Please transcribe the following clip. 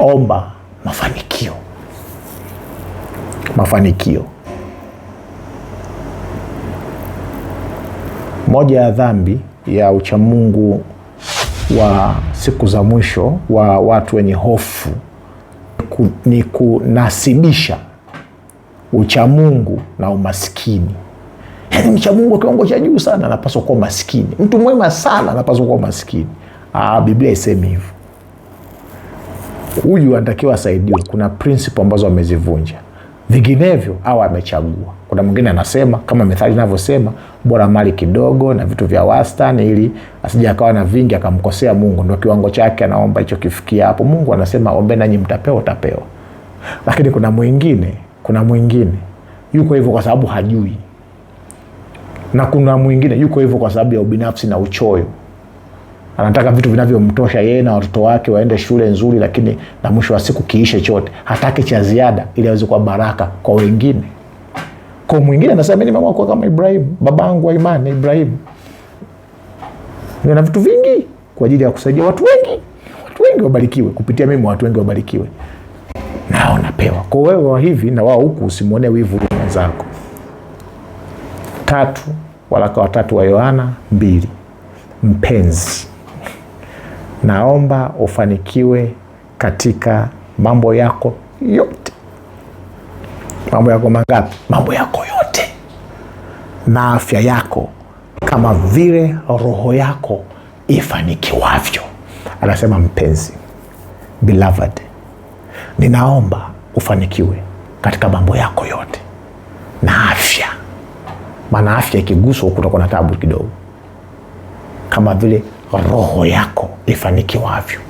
omba mafanikio, mafanikio. Moja ya dhambi ya uchamungu wa siku za mwisho wa watu wenye hofu ni kunasibisha uchamungu na umaskini. Yaani mchamungu wa kiwango cha juu sana anapaswa kuwa maskini, mtu mwema sana anapaswa kuwa maskini. Ah, Biblia isemi hivyo huyu anatakiwa asaidiwe, kuna prinsipo ambazo amezivunja, vinginevyo au amechagua. Kuna mwingine anasema kama methali inavyosema, bora mali kidogo na vitu vya wastani, ili asija akawa na vingi akamkosea Mungu. Ndio kiwango chake, anaomba hicho kifikia hapo. Mungu anasema ombe nanyi mtapewa, utapewa. Lakini kuna mwingine, kuna mwingine yuko hivyo kwa sababu hajui, na kuna mwingine yuko hivyo kwa sababu ya ubinafsi na uchoyo anataka vitu vinavyomtosha yeye na watoto wake waende shule nzuri, lakini na mwisho wa siku kiishe chote, hataki cha ziada ili aweze kuwa baraka kwa wengine. Kwa mwingine anasema mimi mama kwa kama Ibrahim, babangu wa imani Ibrahim, na vitu vingi kwa ajili ya kusaidia watu wengi, watu wengi wabarikiwe kupitia mimi, watu wengi wabarikiwe na unapewa Kwa wewe wa hivi na wao huku, usimwone wivu mwenzako. Tatu, waraka tatu wa Yohana mbili, mpenzi Naomba ufanikiwe katika mambo yako yote. Mambo yako mangapi? Mambo yako yote, na afya yako kama vile roho yako ifanikiwavyo. Anasema mpenzi, beloved, ninaomba ufanikiwe katika mambo yako yote na afya, maana afya ikiguswa kutakuwa na tabu kidogo, kama vile roho yako ifanikiwavyo.